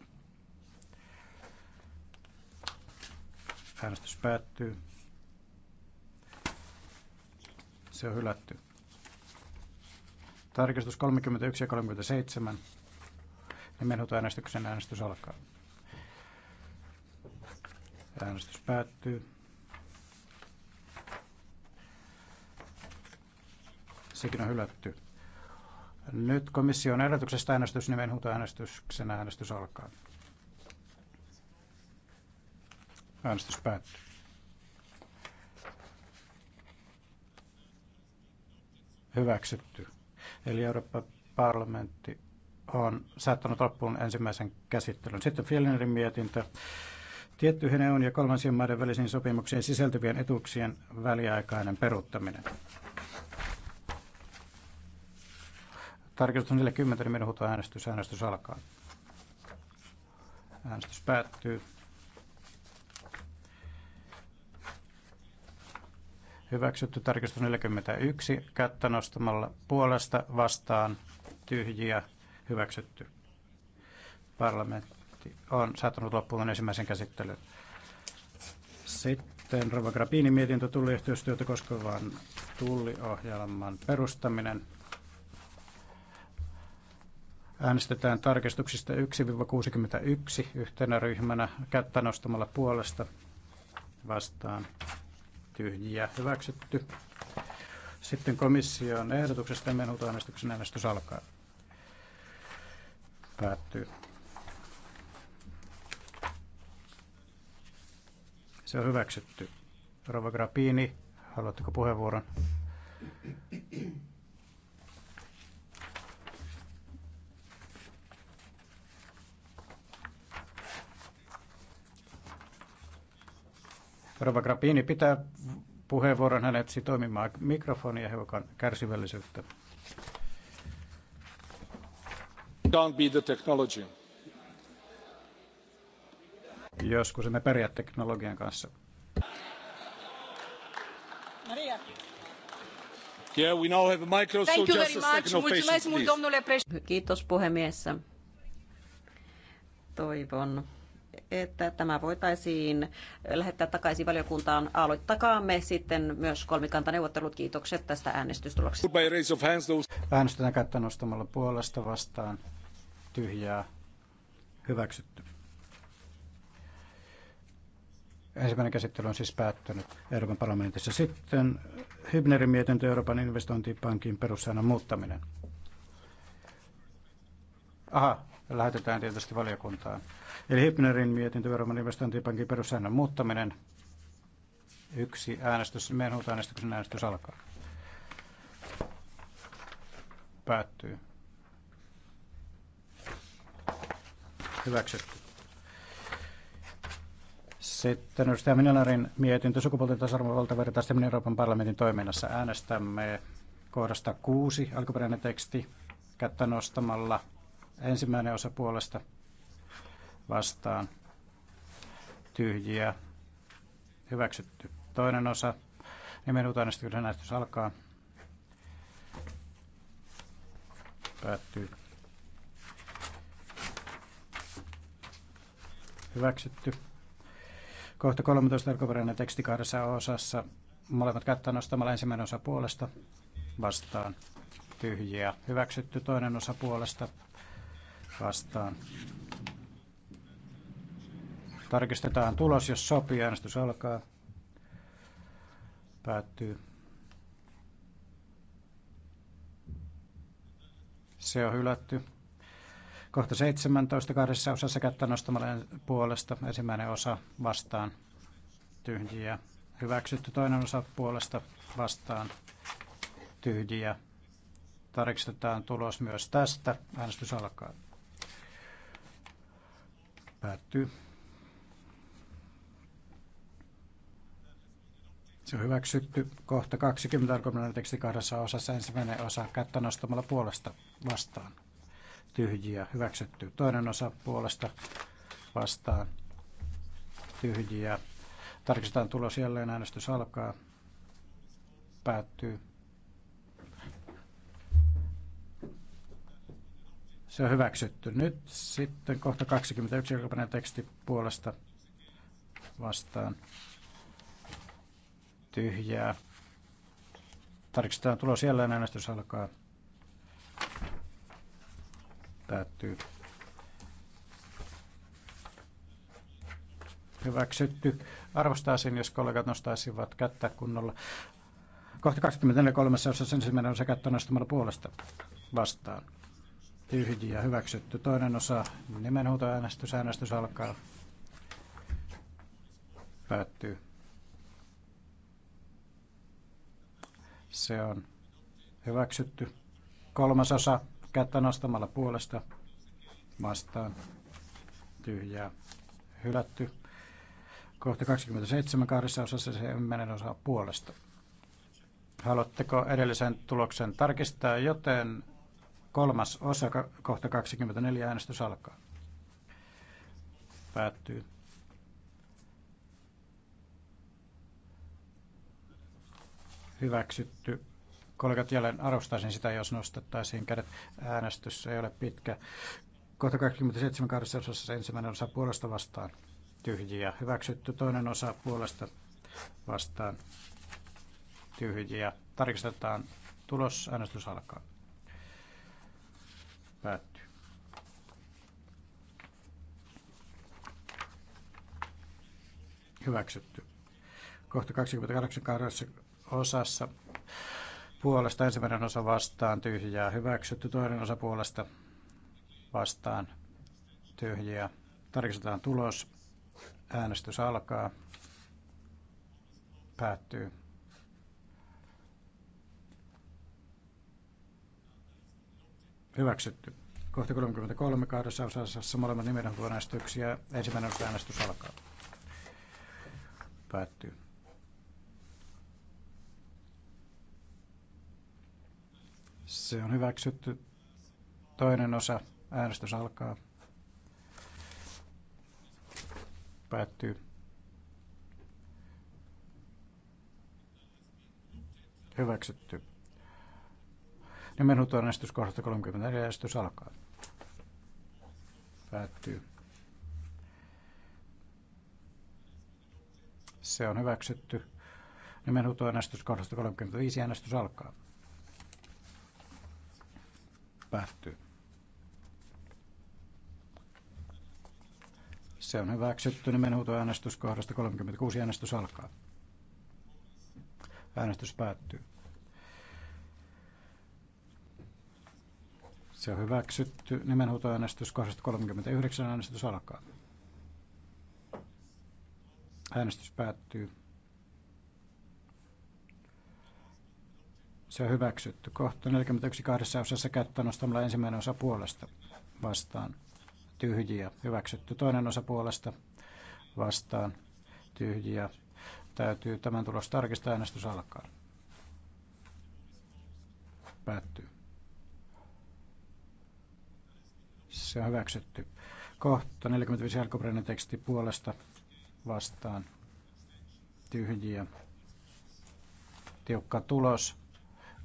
Äänestys päättyy. Se on hylätty. Tarkistus 31 ja 37. äänestyksen äänestys alkaa. Äänestys päättyy. Sekin on hylätty. Nyt komission ehdotuksesta äänestys äänestyksen äänestys alkaa. Äänestys päättyy. Hyväksytty. Eli Euroopan parlamentti on saattanut loppuun ensimmäisen käsittelyn. Sitten Fjellnerin mietintö. Tiettyihin EUn ja kolmansien maiden välisiin sopimuksiin sisältyvien etuuksien väliaikainen peruuttaminen. Tarkistus 40, niin minuutin äänestys. Äänestys alkaa. Äänestys päättyy. Hyväksytty tarkistus 41. Kättä nostamalla puolesta vastaan tyhjiä hyväksytty. Parlamentti on saattanut loppuun ensimmäisen käsittelyn. Sitten Rova Grappini mietintö tulliyhteistyötä koskevan tulliohjelman perustaminen. Äänestetään tarkistuksista 1-61 yhtenä ryhmänä kättä nostamalla puolesta vastaan tyhjiä hyväksytty. Sitten komission ehdotuksesta menuutoäänestyksen äänestys alkaa. Päättyy. Se on hyväksytty. Rova Grappini, haluatteko puheenvuoron? Rova Grappini pitää puheenvuoron, hän etsi toimimaan mikrofonia hiukan kärsivällisyyttä. Can't be the technology. Joskus emme pärjää teknologian kanssa. Maria. Yeah, we now have a micro, Thank so you very much. Mulțumesc no Kiitos puhemies. Toivon että tämä voitaisiin lähettää takaisin valiokuntaan. Aloittakaamme sitten myös kolmikantaneuvottelut. Kiitokset tästä äänestystuloksesta. Äänestetään kättä nostamalla puolesta vastaan. Tyhjää. Hyväksytty. Ensimmäinen käsittely on siis päättynyt Euroopan parlamentissa. Sitten Hybnerin mietintö Euroopan investointipankin perussäännön muuttaminen. Aha, lähetetään tietysti valiokuntaan. Eli Hipnerin mietintö Veroman investointipankin perussäännön muuttaminen. Yksi äänestys, äänestyksen äänestys alkaa. Päättyy. Hyväksytty. Sitten edustaja Minelarin mietintö sukupuolten tasa-arvon Euroopan parlamentin toiminnassa. Äänestämme kohdasta kuusi, alkuperäinen teksti, kättä nostamalla Ensimmäinen osa puolesta vastaan tyhjiä hyväksytty. Toinen osa nimenhuutoäänestyksen äänestys alkaa. Päättyy. Hyväksytty. Kohta 13 alkuperäinen teksti kahdessa osassa. Molemmat kättä nostamalla ensimmäinen osa puolesta vastaan tyhjiä. Hyväksytty toinen osa puolesta vastaan. Tarkistetaan tulos, jos sopii. Äänestys alkaa. Päättyy. Se on hylätty. Kohta 17 kahdessa osassa kättä nostamalla puolesta. Ensimmäinen osa vastaan. Tyhjiä. Hyväksytty toinen osa puolesta vastaan. Tyhjiä. Tarkistetaan tulos myös tästä. Äänestys alkaa. Päättyy. Se on hyväksytty. Kohta 20 argumentin teksti kahdessa osassa. Ensimmäinen osa kättä nostamalla puolesta vastaan. Tyhjiä. Hyväksytty. Toinen osa puolesta vastaan. Tyhjiä. Tarkistetaan tulos jälleen. Äänestys alkaa. Päättyy. Se on hyväksytty. Nyt sitten kohta 21 alkuperäinen teksti puolesta vastaan tyhjää. Tarkistetaan tulos jälleen, äänestys alkaa. Päättyy. Hyväksytty. Arvostaisin, jos kollegat nostaisivat kättä kunnolla. Kohta 23. osassa ensimmäinen osa kättä nostamalla puolesta vastaan tyhjiä hyväksytty. Toinen osa nimenhuutoäänestys. Äänestys alkaa. Päättyy. Se on hyväksytty. Kolmas osa kättä nostamalla puolesta vastaan tyhjää hylätty. Kohta 27 kahdessa osassa se 10 osaa puolesta. Haluatteko edellisen tuloksen tarkistaa, joten Kolmas osa, kohta 24, äänestys alkaa. Päättyy. Hyväksytty. Kollegat jälleen arvostaisin sitä, jos nostettaisiin kädet. Äänestys ei ole pitkä. Kohta 27 osassa ensimmäinen osa puolesta vastaan. Tyhjiä. Hyväksytty toinen osa puolesta vastaan. Tyhjiä. Tarkistetaan tulos. Äänestys alkaa. Päättyy. Hyväksytty. Kohta 28 osassa puolesta ensimmäinen osa vastaan tyhjää. Hyväksytty toinen osa puolesta vastaan tyhjää. Tarkistetaan tulos. Äänestys alkaa. Päättyy. Hyväksytty. Kohta 33 kahdessa osassa molemmat äänestyksiä Ensimmäinen osa äänestys alkaa. Päättyy. Se on hyväksytty. Toinen osa. Äänestys alkaa. Päättyy. Hyväksytty on äänestys kohdasta 34 äänestys alkaa. Päättyy. Se on hyväksytty. on äänestys kohdasta 35 äänestys alkaa. Päättyy. Se on hyväksytty. Nimenhuuto äänestys kohdasta 36 äänestys alkaa. Äänestys päättyy. Se on hyväksytty. Nimenhuutoäänestys 239 äänestys alkaa. Äänestys päättyy. Se on hyväksytty. Kohta 41 kahdessa osassa kättä nostamalla ensimmäinen osa puolesta vastaan. Tyhjiä. Hyväksytty. Toinen osa puolesta vastaan. Tyhjiä. Täytyy tämän tulos tarkistaa. Äänestys alkaa. Päättyy. Se on hyväksytty. Kohta 45 alkuperäinen teksti puolesta vastaan. Tyhjiä. Tiukka tulos.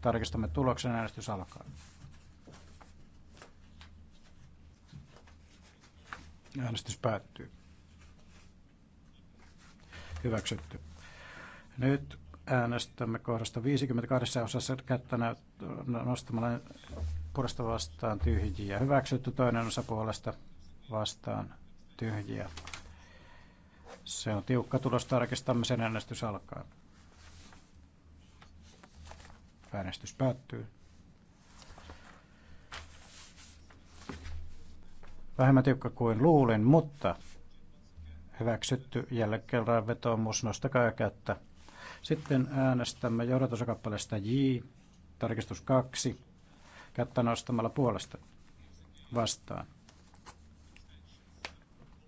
Tarkistamme tuloksen. Äänestys alkaa. Äänestys päättyy. Hyväksytty. Nyt äänestämme kohdasta 52 osassa kättä nostamalla puolesta vastaan tyhjiä. Hyväksytty toinen osa puolesta vastaan tyhjiä. Se on tiukka tulos. Tarkistamme sen äänestys alkaa. Äänestys päättyy. Vähemmän tiukka kuin luulin, mutta hyväksytty jälleen kerran vetoomus. Nostakaa kättä. Sitten äänestämme johdatusakappaleesta J, tarkistus 2 kättä nostamalla puolesta vastaan.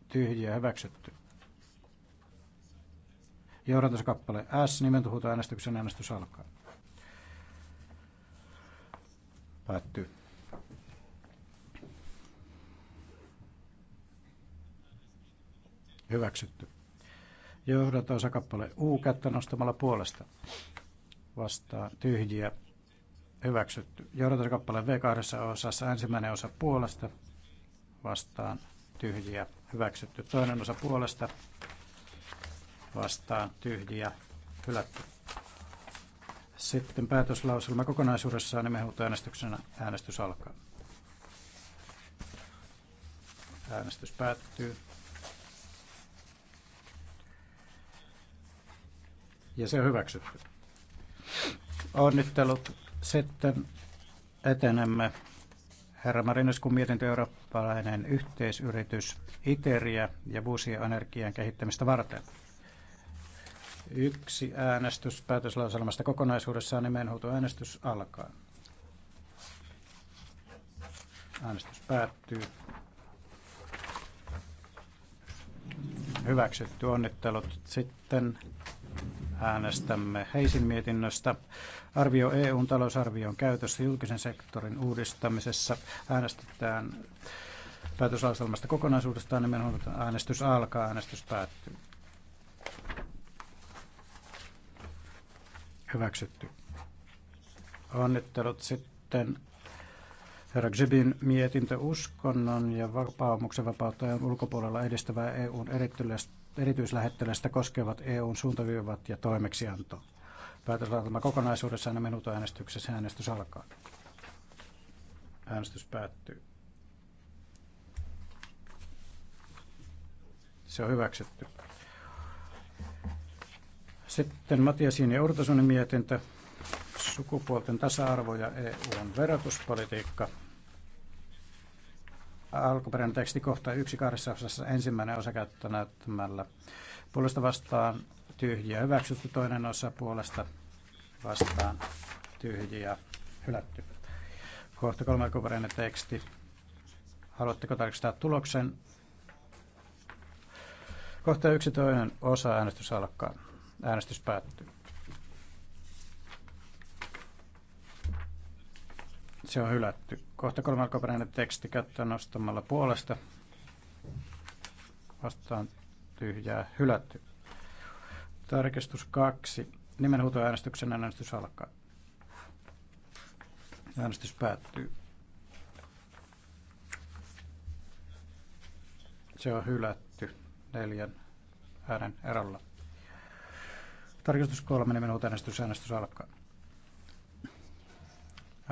Tyhjiä hyväksytty. Johdantoskappale S, nimentuhuta äänestyksen äänestys alkaa. Päättyy. Hyväksytty. johdanto U kättä nostamalla puolesta vastaan tyhjiä hyväksytty. Johdatuskappale V kahdessa osassa ensimmäinen osa puolesta vastaan tyhjiä hyväksytty. Toinen osa puolesta vastaan tyhjiä hylätty. Sitten päätöslauselma kokonaisuudessaan nimenhuutoäänestyksenä äänestys alkaa. Äänestys päättyy. Ja se on hyväksytty. Onnittelut sitten etenemme herra Marinuskun mietintö eurooppalainen yhteisyritys ITERia ja vuosien energian kehittämistä varten. Yksi äänestys päätöslauselmasta kokonaisuudessaan äänestys alkaa. Äänestys päättyy. Hyväksytty onnittelut. Sitten äänestämme Heisin mietinnöstä. Arvio EUn talousarvion käytössä julkisen sektorin uudistamisessa äänestetään päätöslauselmasta kokonaisuudestaan. Nimenomaan äänestys alkaa, äänestys päättyy. Hyväksytty. Onnittelut sitten Herra Gzibin mietintö uskonnon ja vapaamuksen vapauttajan ulkopuolella edistävää EUn erityisesti erityislähettilästä koskevat EUn suuntaviivat ja toimeksianto. Päätöslauselma kokonaisuudessaan ja äänestyksessä äänestys alkaa. Äänestys päättyy. Se on hyväksytty. Sitten Matiasin ja Urtasunin mietintö, sukupuolten tasa-arvo ja EUn verotuspolitiikka alkuperäinen teksti kohta yksi kahdessa osassa ensimmäinen osa näyttämällä puolesta vastaan tyhjiä hyväksytty, toinen osa puolesta vastaan tyhjiä hylätty. Kohta kolme alkuperäinen teksti. Haluatteko tarkistaa tuloksen? Kohta yksi toinen osa äänestys alkaa. Äänestys päättyy. Se on hylätty. Kohta kolme alkuperäinen teksti käyttää nostamalla puolesta. Vastaan tyhjää hylätty. Tarkistus kaksi. Nimenhuutoäänestyksen äänestys alkaa. Äänestys päättyy. Se on hylätty neljän äänen erolla. Tarkistus kolme, niin minuutin äänestys, äänestys alkaa.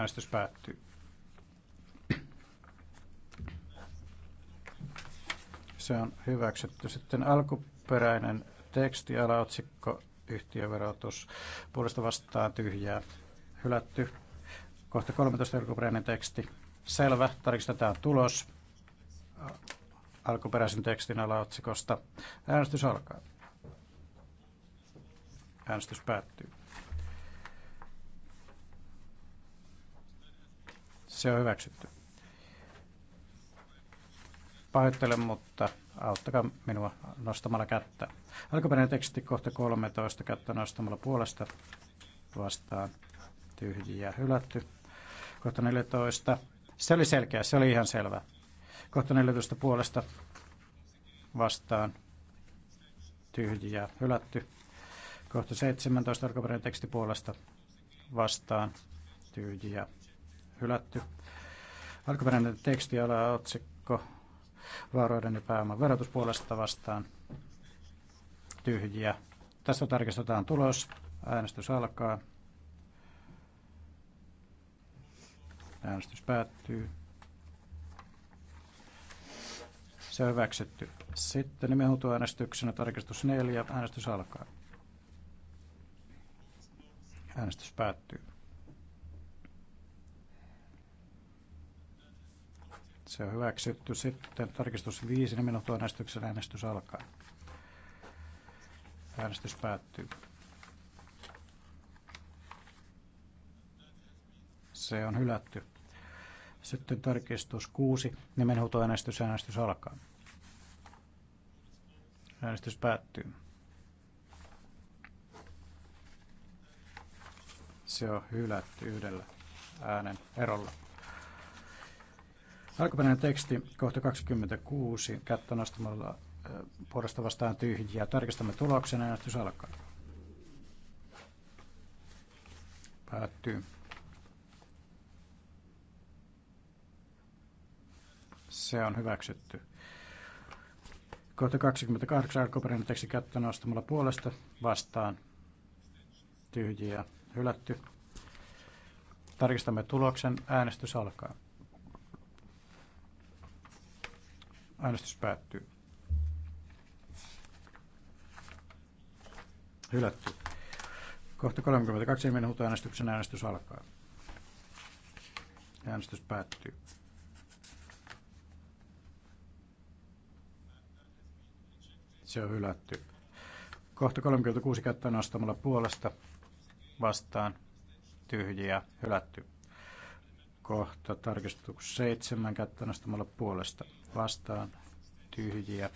Äänestys päättyy. Se on hyväksytty. Sitten alkuperäinen teksti, alaotsikko, yhtiöverotus, puolesta vastaan tyhjää, hylätty. Kohta 13 alkuperäinen teksti. Selvä, tarkistetaan tulos alkuperäisen tekstin alaotsikosta. Äänestys alkaa. Äänestys päättyy. Se on hyväksytty. Pahoittelen, mutta auttakaa minua nostamalla kättä. Alkuperäinen teksti kohta 13 kättä nostamalla puolesta vastaan tyhjiä hylätty. Kohta 14. Se oli selkeä, se oli ihan selvä. Kohta 14 puolesta vastaan tyhjiä hylätty. Kohta 17 alkuperäinen teksti puolesta vastaan tyhjiä hylätty. Alkuperäinen teksti tekstiala otsikko vaaroiden ja pääoman verotus puolesta vastaan tyhjiä. Tästä tarkistetaan tulos. Äänestys alkaa. Äänestys päättyy. Se on hyväksytty. Sitten äänestyksenä tarkistus 4. Äänestys alkaa. Äänestys päättyy. Se on hyväksytty. Sitten tarkistus 5, minuutin äänestyksen äänestys alkaa. Äänestys päättyy. Se on hylätty. Sitten tarkistus 6, nimenhuutoäänestys äänestys alkaa. Äänestys päättyy. Se on hylätty yhdellä äänen erolla. Alkuperäinen teksti, kohta 26, kättä nostamalla äh, puolesta vastaan tyhjiä. Tarkistamme tuloksen, äänestys alkaa. Päättyy. Se on hyväksytty. Kohta 28 alkuperäinen teksti kättä nostamalla puolesta vastaan tyhjiä. Hylätty. Tarkistamme tuloksen, äänestys alkaa. Äänestys päättyy. Hylätty. Kohta 32 minuutin äänestyksen äänestys alkaa. Äänestys päättyy. Se on hylätty. Kohta 36 käyttäen nostamalla puolesta vastaan tyhjiä hylätty. Kohta tarkistus 7 käyttäen nostamalla puolesta vastaan tyhjiä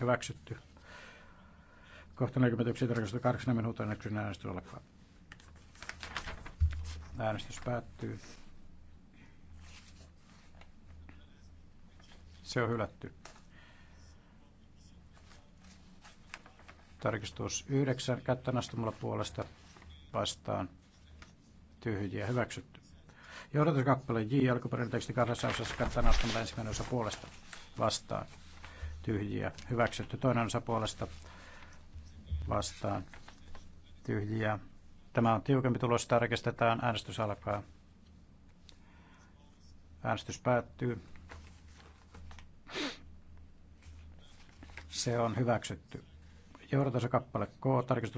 hyväksytty. Kohta 41 tarkastusta 8 minuutin äänestyksen äänestys alkaa. Äänestys päättyy. Se on hylätty. Tarkistus 9 kättänastumalla puolesta vastaan tyhjiä hyväksytty. Johdatuskappale J alkuperäinen teksti kahdessa osassa kattaa askelta ensimmäinen osa puolesta vastaan. Tyhjiä. Hyväksytty toinen osa puolesta vastaan. Tyhjiä. Tämä on tiukempi tulos. Tarkistetaan. Äänestys alkaa. Äänestys päättyy. Se on hyväksytty. Johdatus kappale K, tarkistus